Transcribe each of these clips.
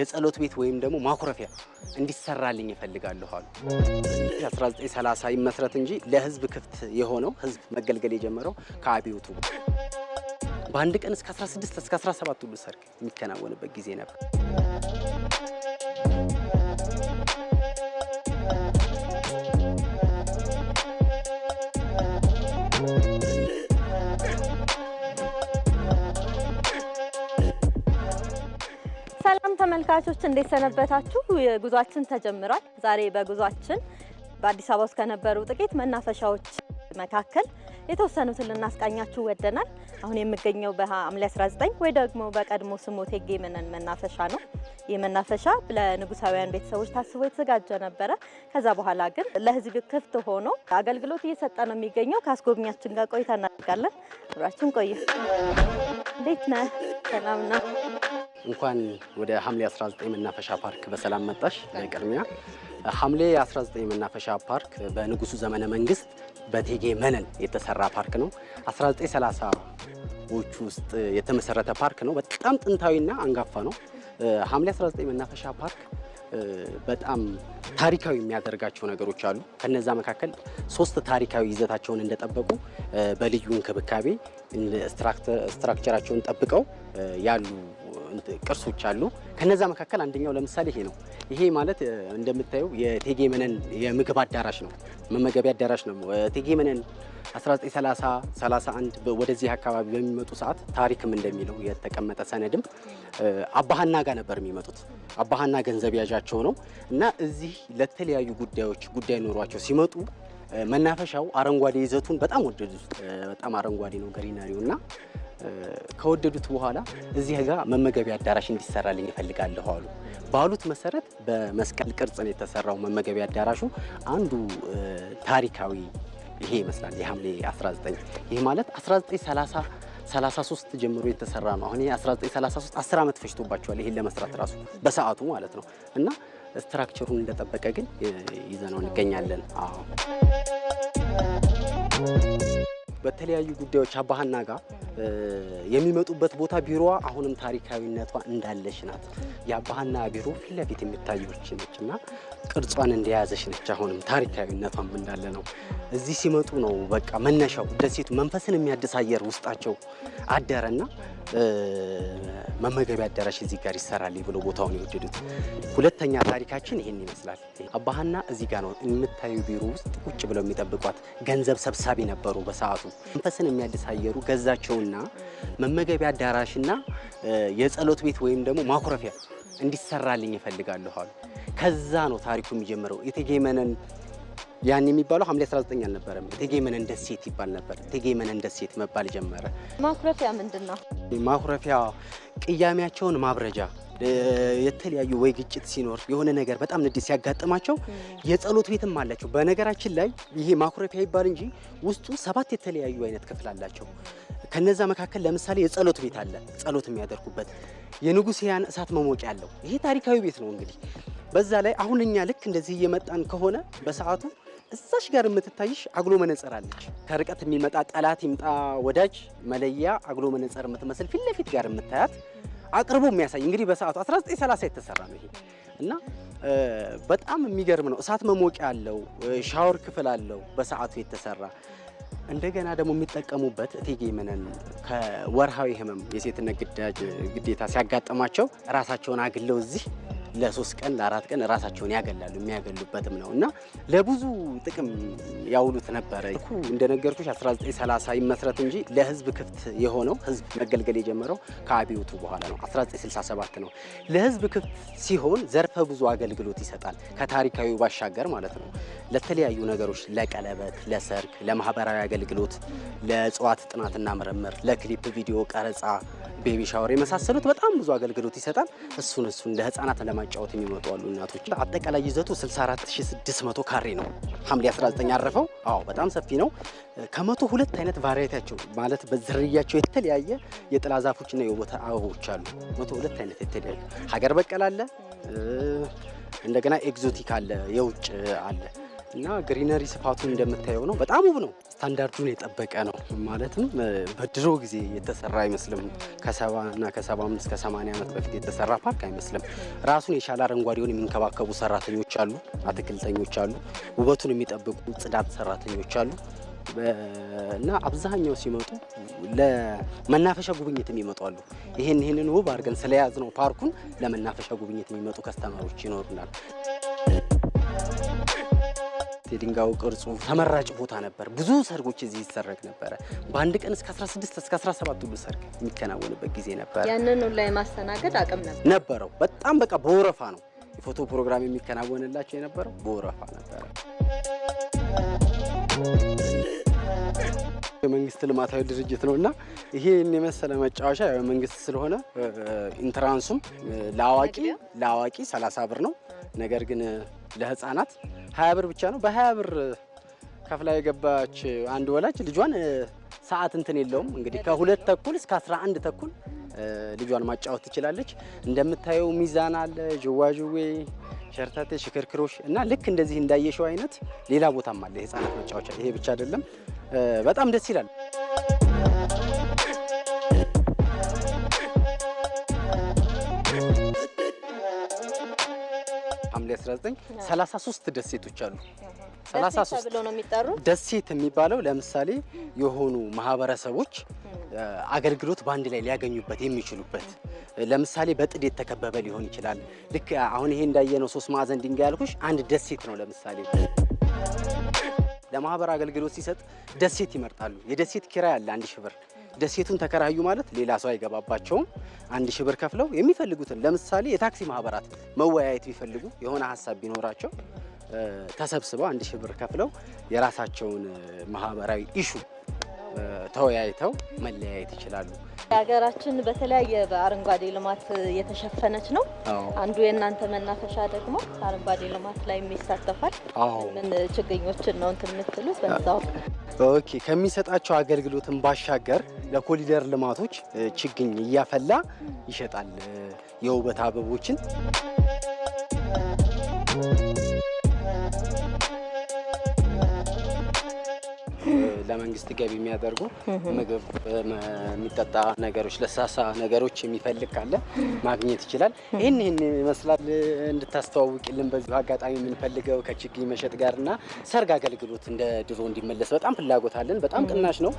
የጸሎት ቤት ወይም ደግሞ ማኩረፊያ እንዲሰራልኝ ይፈልጋለሁ አሉ። 1930 ይመስረት እንጂ ለህዝብ ክፍት የሆነው ህዝብ መገልገል የጀመረው ከአብዮቱ በአንድ ቀን እስከ 16 እስከ 17 ሁሉ ሰርግ የሚከናወንበት ጊዜ ነበር። ሰላም ተመልካቾች እንዴት ሰነበታችሁ? ጉዟችን ተጀምሯል። ዛሬ በጉዟችን በአዲስ አበባ ውስጥ ከነበሩ ጥቂት መናፈሻዎች መካከል የተወሰኑትን ልናስቃኛችሁ ወደናል። አሁን የምገኘው በሐምሌ 19 ወይ ደግሞ በቀድሞ ስሙ እቴጌ መነን መናፈሻ ነው። ይህ መናፈሻ ለንጉሳውያን ቤተሰቦች ታስቦ የተዘጋጀ ነበረ። ከዛ በኋላ ግን ለሕዝብ ክፍት ሆኖ አገልግሎት እየሰጠ ነው የሚገኘው። ከአስጎብኛችን ጋር ቆይታ እናደርጋለን። አብራችን ቆይ። እንዴት ነህ? ሰላም ነው እንኳን ወደ ሐምሌ 19 መናፈሻ ፓርክ በሰላም መጣሽ። በቅድሚያ ሐምሌ 19 መናፈሻ ፓርክ በንጉሱ ዘመነ መንግስት በቴጌ መነን የተሰራ ፓርክ ነው። 1930ዎቹ ውስጥ የተመሰረተ ፓርክ ነው። በጣም ጥንታዊና አንጋፋ ነው። ሐምሌ 19 መናፈሻ ፓርክ በጣም ታሪካዊ የሚያደርጋቸው ነገሮች አሉ። ከነዛ መካከል ሶስት ታሪካዊ ይዘታቸውን እንደጠበቁ በልዩ እንክብካቤ ስትራክቸራቸውን ጠብቀው ያሉ ቅርሶች አሉ። ከነዛ መካከል አንደኛው ለምሳሌ ይሄ ነው። ይሄ ማለት እንደምታየው የቴጌመነን መነን የምግብ አዳራሽ ነው፣ መመገቢያ አዳራሽ ነው። ቴጌመነን መነን ወደዚህ አካባቢ በሚመጡ ሰዓት ታሪክም እንደሚለው የተቀመጠ ሰነድም አባሃና ጋር ነበር የሚመጡት። አባሃና ገንዘብ ያዣቸው ነው እና እዚህ ለተለያዩ ጉዳዮች ጉዳይ ኖሯቸው ሲመጡ መናፈሻው አረንጓዴ ይዘቱን በጣም ወደዱት። በጣም አረንጓዴ ነው ገሪናሪው እና ከወደዱት በኋላ እዚህ ጋር መመገቢያ አዳራሽ እንዲሰራልኝ ይፈልጋለሁ አሉ። ባሉት መሰረት በመስቀል ቅርጽ ነው የተሰራው መመገቢያ አዳራሹ። አንዱ ታሪካዊ ይሄ ይመስላል የሐምሌ 19 ይህ ማለት 1930 33 ጀምሮ የተሰራ ነው። አሁን ይሄ 1933 10 ዓመት ፈጅቶባቸዋል ይሄን ለመስራት ራሱ በሰዓቱ ማለት ነው። እና ስትራክቸሩን እንደጠበቀ ግን ይዘነው እንገኛለን። አዎ በተለያዩ ጉዳዮች አባሃና ጋር የሚመጡበት ቦታ ቢሮዋ አሁንም ታሪካዊነቷ እንዳለች ናት። የአባሃና ቢሮ ፊት ለፊት የሚታየች ነች እና ቅርጿን እንደያዘች ነች። አሁንም ታሪካዊነቷም እንዳለ ነው። እዚህ ሲመጡ ነው በቃ መነሻው ደሴቱ መንፈስን የሚያድስ አየር ውስጣቸው አደረና መመገቢያ አዳራሽ እዚህ ጋር ይሰራል ብሎ ቦታውን የወደዱት። ሁለተኛ ታሪካችን ይህን ይመስላል። አባሃና እዚህ ጋር ነው የምታዩ ቢሮ ውስጥ ቁጭ ብለው የሚጠብቋት ገንዘብ ሰብሳቢ ነበሩ በሰዓቱ መንፈስን የሚያድስ አየሩ ገዛቸውና መመገቢያ አዳራሽና የጸሎት ቤት ወይም ደግሞ ማኩረፊያ እንዲሰራልኝ ይፈልጋለሁ አሉ። ከዛ ነው ታሪኩ የሚጀምረው። እቴጌ መነን ያን የሚባለው ሐምሌ 19 አልነበረም። እቴጌ መነን ደሴት ይባል ነበር። እቴጌ መነን ደሴት መባል ጀመረ። ማኩረፊያ ምንድን ነው? ማኩረፊያ ቅያሜያቸውን ማብረጃ የተለያዩ ወይ ግጭት ሲኖር የሆነ ነገር በጣም ንዴት ሲያጋጥማቸው የጸሎት ቤትም አላቸው። በነገራችን ላይ ይሄ ማኩረፊያ ይባል እንጂ ውስጡ ሰባት የተለያዩ አይነት ክፍል አላቸው። ከነዛ መካከል ለምሳሌ የጸሎት ቤት አለ፣ ጸሎት የሚያደርጉበት ያን እሳት መሞቂያ አለው። ይሄ ታሪካዊ ቤት ነው። እንግዲህ በዛ ላይ አሁን እኛ ልክ እንደዚህ እየመጣን ከሆነ በሰዓቱ እዛሽ ጋር የምትታይሽ አግሎ መነጽር አለች። ከርቀት የሚመጣ ጠላት ይምጣ ወዳጅ መለያ አግሎ መነጽር የምትመስል ፊት ለፊት ጋር የምታያት አቅርቦ የሚያሳይ እንግዲህ በሰዓቱ 1930 የተሰራ ነው ይሄ እና በጣም የሚገርም ነው። እሳት መሞቂያ አለው፣ ሻወር ክፍል አለው በሰዓቱ የተሰራ እንደገና ደግሞ የሚጠቀሙበት እቴጌ መነን ከወርሃዊ ህመም የሴትነት ግዳጅ ግዴታ ሲያጋጥማቸው ራሳቸውን አግለው እዚህ ለሶስት ቀን ለአራት ቀን ራሳቸውን ያገላሉ። የሚያገሉበትም ነው እና ለብዙ ጥቅም ያውሉት ነበረ። እንደነገርኩሽ 1930 ይመስረት እንጂ ለህዝብ ክፍት የሆነው ህዝብ መገልገል የጀመረው ከአብዮቱ በኋላ ነው። 1967 ነው። ለህዝብ ክፍት ሲሆን ዘርፈ ብዙ አገልግሎት ይሰጣል። ከታሪካዊ ባሻገር ማለት ነው። ለተለያዩ ነገሮች፣ ለቀለበት፣ ለሰርግ፣ ለማህበራዊ አገልግሎት፣ ለእጽዋት ጥናትና ምርምር፣ ለክሊፕ ቪዲዮ ቀረጻ ቤቢ ሻወር የመሳሰሉት በጣም ብዙ አገልግሎት ይሰጣል። እሱን እሱን ለህፃናት ለማጫወት የሚመጡ አሉ እናቶች። አጠቃላይ ይዘቱ 64600 ካሬ ነው። ሐምሌ 19 ያረፈው። አዎ በጣም ሰፊ ነው። ከመቶ ሁለት አይነት ቫሪያታቸው ማለት በዝርያቸው የተለያየ የጥላ ዛፎችና የውበት አበቦች አሉ። መቶ ሁለት አይነት የተለያየ ሀገር በቀል አለ። እንደገና ኤግዞቲክ አለ፣ የውጭ አለ እና ግሪነሪ ስፋቱ እንደምታየው ነው። በጣም ውብ ነው። ስታንዳርዱን የጠበቀ ነው። ማለትም በድሮ ጊዜ የተሰራ አይመስልም። ከሰባ እና ከሰባ አምስት ከሰማንያ ዓመት በፊት የተሰራ ፓርክ አይመስልም። ራሱን የሻለ አረንጓዴውን የሚንከባከቡ ሰራተኞች አሉ፣ አትክልተኞች አሉ፣ ውበቱን የሚጠብቁ ጽዳት ሰራተኞች አሉ እና አብዛኛው ሲመጡ ለመናፈሻ ጉብኝት የሚመጡ አሉ። ይህን ይህንን ውብ አድርገን ስለያዝ ነው ፓርኩን ለመናፈሻ ጉብኝት የሚመጡ ከስተማሮች ይኖሩናል። የድንጋዩ ቅርጹ ተመራጭ ቦታ ነበር። ብዙ ሰርጎች እዚህ ይሰረግ ነበረ። በአንድ ቀን እስከ 16 እስከ 17 ሁሉ ሰርግ የሚከናወንበት ጊዜ ነበር። ያንን ላይ ማስተናገድ አቅም ነበር ነበረው። በጣም በቃ በወረፋ ነው የፎቶ ፕሮግራም የሚከናወንላቸው የነበረው በወረፋ ነበረ። የመንግስት ልማታዊ ድርጅት ነው እና ይሄን የመሰለ መጫወቻ የመንግስት ስለሆነ ኢንትራንሱም ለአዋቂ ለአዋቂ 30 ብር ነው። ነገር ግን ለህፃናት ሀያ ብር ብቻ ነው። በሀያ ብር ከፍላ የገባች አንድ ወላጅ ልጇን ሰዓት እንትን የለውም እንግዲህ ከሁለት ተኩል እስከ አስራ አንድ ተኩል ልጇን ማጫወት ትችላለች። እንደምታየው ሚዛን አለ፣ ዥዋዥዌ፣ ሸርታቴ፣ ሽክርክሮች እና ልክ እንደዚህ እንዳየሸው አይነት ሌላ ቦታም አለ የህፃናት መጫወቻ። ይሄ ብቻ አይደለም፣ በጣም ደስ ይላል። 2019 33 ደሴቶች አሉ። 33 ደሴት የሚባለው ለምሳሌ የሆኑ ማህበረሰቦች አገልግሎት በአንድ ላይ ሊያገኙበት የሚችሉበት ለምሳሌ በጥድ የተከበበ ሊሆን ይችላል። ልክ አሁን ይሄ እንዳየነው ሶስት ማዕዘን ድንጋይ ያልኩሽ አንድ ደሴት ነው። ለምሳሌ ለማህበር አገልግሎት ሲሰጥ ደሴት ይመርጣሉ። የደሴት ኪራይ አለ አንድ ሺህ ብር ደሴቱን ተከራዩ ማለት ሌላ ሰው አይገባባቸውም። አንድ ሺህ ብር ከፍለው የሚፈልጉትን ለምሳሌ የታክሲ ማህበራት መወያየት ቢፈልጉ የሆነ ሀሳብ ቢኖራቸው ተሰብስበው አንድ ሺህ ብር ከፍለው የራሳቸውን ማህበራዊ ኢሹ ተወያይተው መለያየት ይችላሉ። ሀገራችን በተለያየ በአረንጓዴ ልማት የተሸፈነች ነው። አንዱ የእናንተ መናፈሻ ደግሞ አረንጓዴ ልማት ላይ የሚሳተፋል። ምን ችግኞችን ነው እንትን የምትሉት? በዛው ኦኬ ከሚሰጣቸው አገልግሎትን ባሻገር ለኮሊደር ልማቶች ችግኝ እያፈላ ይሸጣል የውበት አበቦችን። ለመንግስት ገቢ የሚያደርጉ ምግብ፣ የሚጠጣ ነገሮች፣ ለሳሳ ነገሮች የሚፈልግ ካለ ማግኘት ይችላል። ይህን ይህን ይመስላል። እንድታስተዋውቂልን በዚሁ አጋጣሚ የምንፈልገው ከችግኝ መሸጥ ጋርና ሰርግ አገልግሎት እንደ ድሮ እንዲመለስ በጣም ፍላጎት አለን። በጣም ቅናሽ ነው።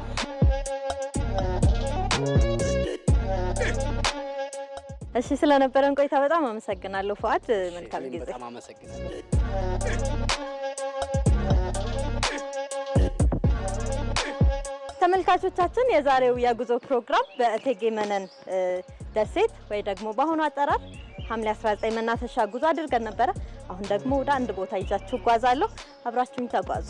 እሺ፣ ስለነበረን ቆይታ በጣም አመሰግናለሁ ፉአድ። መልካም ጊዜ። በጣም አመሰግናለሁ። ተመልካቾቻችን የዛሬው የጉዞ ፕሮግራም በእቴጌ መነን ደሴት ወይ ደግሞ በአሁኑ አጠራር ሐምሌ 19 መናፈሻ ጉዞ አድርገን ነበረ። አሁን ደግሞ ወደ አንድ ቦታ ይዛችሁ እጓዛለሁ። አብራችሁኝ ተጓዙ።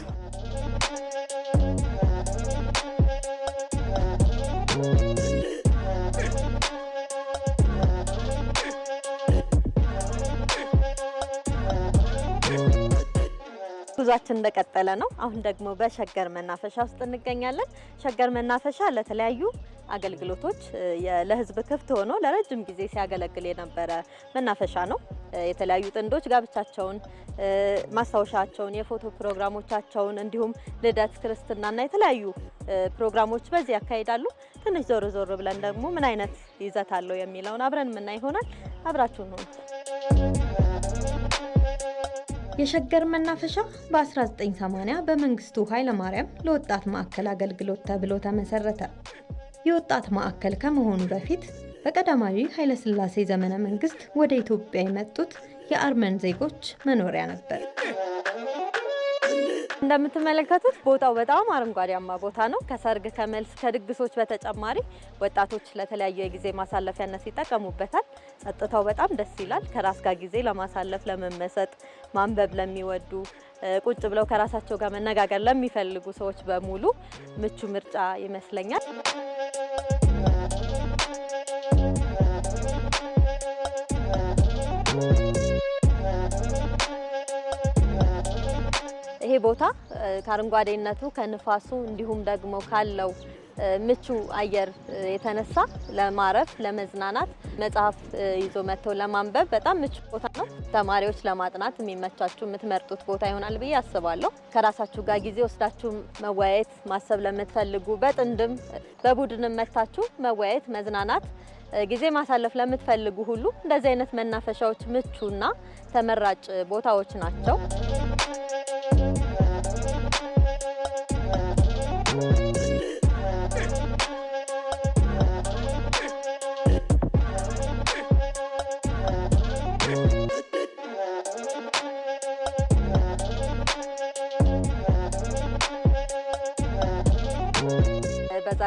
ጉዟችን እንደቀጠለ ነው። አሁን ደግሞ በሸገር መናፈሻ ውስጥ እንገኛለን። ሸገር መናፈሻ ለተለያዩ አገልግሎቶች ለህዝብ ክፍት ሆኖ ለረጅም ጊዜ ሲያገለግል የነበረ መናፈሻ ነው። የተለያዩ ጥንዶች ጋብቻቸውን፣ ማስታወሻቸውን፣ የፎቶ ፕሮግራሞቻቸውን እንዲሁም ልደት፣ ክርስትናና የተለያዩ ፕሮግራሞች በዚህ ያካሂዳሉ። ትንሽ ዞር ዞር ብለን ደግሞ ምን አይነት ይዘት አለው የሚለውን አብረን ምና ይሆናል አብራችሁን ሆኑ የሸገር መናፈሻ በ1980 በመንግስቱ ኃይለማርያም ለወጣት ማዕከል አገልግሎት ተብሎ ተመሰረተ። የወጣት ማዕከል ከመሆኑ በፊት በቀዳማዊ ኃይለሥላሴ ዘመነ መንግስት ወደ ኢትዮጵያ የመጡት የአርመን ዜጎች መኖሪያ ነበር። እንደምትመለከቱት ቦታው በጣም አረንጓዴያማ ቦታ ነው። ከሰርግ ከመልስ፣ ከድግሶች በተጨማሪ ወጣቶች ለተለያዩ የጊዜ ማሳለፊያነት ይጠቀሙበታል። ጸጥታው በጣም ደስ ይላል። ከራስ ጋር ጊዜ ለማሳለፍ ለመመሰጥ፣ ማንበብ ለሚወዱ ቁጭ ብለው ከራሳቸው ጋር መነጋገር ለሚፈልጉ ሰዎች በሙሉ ምቹ ምርጫ ይመስለኛል። ቦታ ከአረንጓዴነቱ ከንፋሱ እንዲሁም ደግሞ ካለው ምቹ አየር የተነሳ ለማረፍ ለመዝናናት መጽሐፍ ይዞ መጥተው ለማንበብ በጣም ምቹ ቦታ ነው። ተማሪዎች ለማጥናት የሚመቻችሁ የምትመርጡት ቦታ ይሆናል ብዬ አስባለሁ። ከራሳችሁ ጋር ጊዜ ወስዳችሁ መወያየት ማሰብ ለምትፈልጉ በጥንድም በቡድንም መታችሁ መወያየት መዝናናት ጊዜ ማሳለፍ ለምትፈልጉ ሁሉ እንደዚህ አይነት መናፈሻዎች ምቹና ተመራጭ ቦታዎች ናቸው።